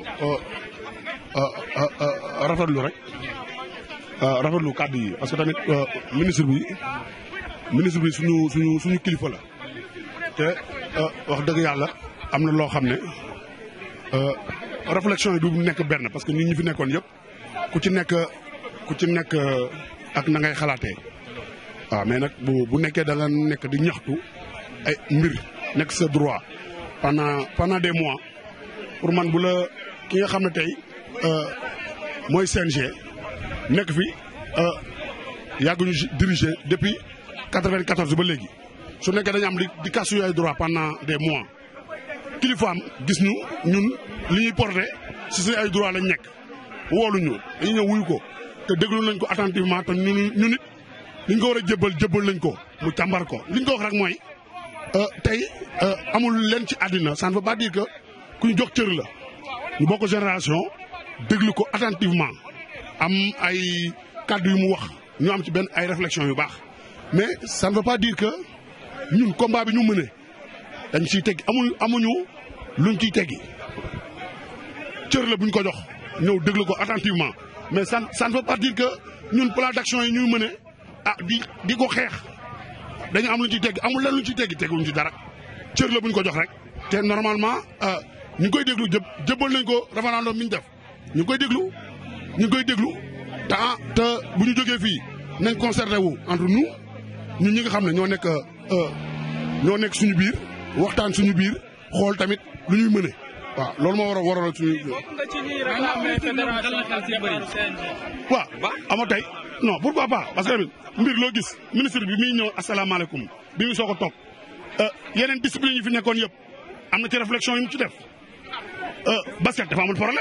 Euh, euh, euh, rafetlu rek rafetlu kàddu yi parce que tamit ministre bi ministre bi suñu suñu suñu kilifa la te wax dëgg yàlla am na loo xam ne réflexion yi du nekk benn parce que ñun ñi fi nekkoon yëpp ku ci nekk ku ci nekk ak na ngay xalaatee waaw mais nag bu bu nekkee da la nekk di ñaxtu ay mbir nekk sa droit pendant pendant des mois pour man bu la ki nga xamne tay euh moy CNG nek fi euh yagu ñu diriger depuis 94 ba légui su nekkee dañ am di casse yoy droit pendant des mois kilifa am gis ñu ñun li ñuy porter ci suñu ay droit la ñek wolu ñu dañ ñëw wuy ko te deglu nañ ko attentivement te ñun ñun it li nga wara jëbël jëbël jébbal nañ ko mu tambar ko li nga wax rek moy euh tay euh amul len ci adina ça ne veut pas dire que kuñ jox cër la. Nous de génération déglu attentivement am ay cadre wax réflexion mais ça ne veut pas dire que nous combat nous ñu dañ amuñu luñ buñ ko jox attentivement mais ça ça ne veut pas dire que nous plan d'action nous ñuy mëne ah am luñ normalement euh, ñu koy déglu jë jëbbal nañ ko référendum bi ñu def ñu koy déglu ñu koy déglu te ah te bu ñu jógee fii nañ concerté wu entre nous ñun ñi nga xam ne ñoo nekk euh, ñoo nekk suñu biir waxtaan suñu biir xool tamit lu ñuy mëne waaw loolu moo war a waral suñu. Euh, waaw ama tey non a pas parce que tamit mbir loo gis ministre bi muy ñëw asalaamaaleykum bi mu soog a toog euh, yeneen discipline yi fi nekkoon yëpp am na ci réflexion yi mu ci def. Euh, basket dafa amul problème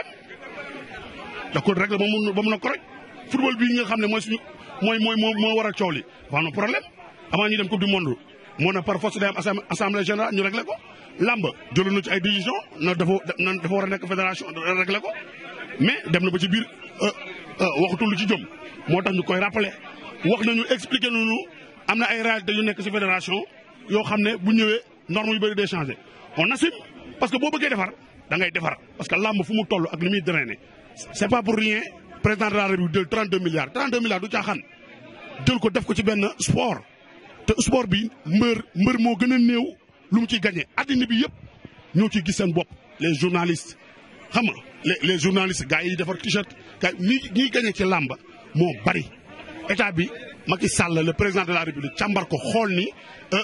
da ko réglé ba mu ba mun a koroj football bii nga xam ne mooy suñu mooy mooy moo moo war a coow li dafa am problème avant ñuy dem coupe du monde moo na par force day am assemblée générale ñu réglé ko làmb jëloon na ci ay décision na dafa na dafa war a nekk fédération réglé ko mais dem na ba ci biir euh, euh, waxatul lu ci jëm moo tax ñu koy rappelé wax nañu expliqué nañu am na ay réalité yu nekk ci fédération yoo xam ne bu ñëwee normes yu bëri day changé on assume parce que boo bëggee defar da ngay parce que làmb fu mu ak li drainer c' pas pour rien président de la République jël 32 milliards 32 milliards du caaxaan jël ko def ko ci benn sport te sport bi mbër mbër moo gën a néew lu mu ciy gagné addina bi yëpp ñoo ciy gis seen les journalistes xam nga les les journalistes gars yi defar t-shirt gars ñi ñiy gagné ci làmb moo bari état bi Macky Sall le président de la République càmbar ko xool ni euh,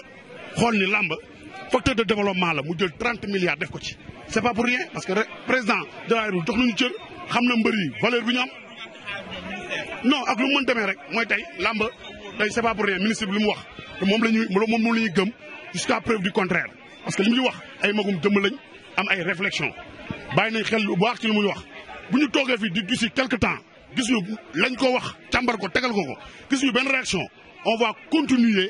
xool ni làmb facteur de développement la mu jël trente milliards def ko ci. c' pas pour rien parce que président de la République jox nañu cër valeur bi ñu am non ak lu mu mën demee rek mooy tey làmb tey c' pas pour rien ministre bi li mu wax te moom la ñuy moom la jusqu'à preuve du contraire. parce que li muy wax ay magum jëmm lañ am ay réflexion bàyyi nañ xel bu baax ci li muy wax bu ñu toogee di d'ici quelque temps gis ñu lañ ko wax càmbar ko tegal ko ko gis ñu benn réaction on va continuer.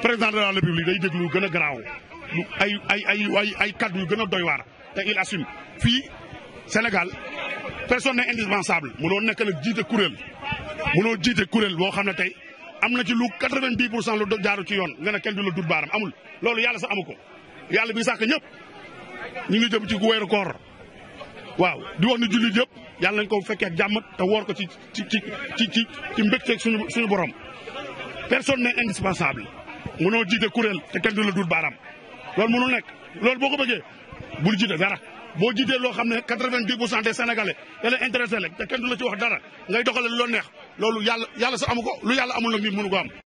président de la république day déglu lu gën a garaaw lu ay ay ay ay kaddu gën a doy waar te il assume fii Sénégal personne n'est indispensable mënoo nekk nag jiite kuréel mënoo jiite kuréel boo xam ne tey am na ci lu 90 pour cent lu jaaru ci yoon nga ne kenn du la dut baaram amul loolu yàlla sax amu ko yàlla bi sàkk ñëpp ñu ngi jëm ci weeru koor waaw di wax ni jullit yëpp yàlla nañ ko fekkee ak jàmm te woor ko ci ci ci ci ci mbégteeg suñu suñu borom personne n'est indispensable mënoo jiite kuréel te kenn du la dul baaraam loolu mënul nekk loolu boo ko bëggee bul jiite dara boo jiitee loo xam ne quatre-vingt-dix pour cent des sénégalais da te kenn du la ci wax dara ngay doxale lu neex loolu yàlla yàlla sa amu ko lu yàlla amul nag nit mënu ko am